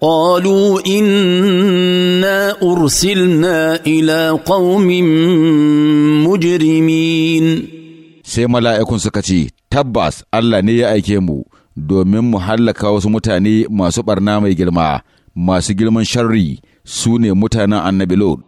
قالوا انا ارسلنا الى قوم مجرمين sai mala'ikun suka ce tabbas Allah ne ya aike mu domin mu hallaka wasu mutane masu ɓarna mai girma masu girman sharri su ne mutanen annabi Lod.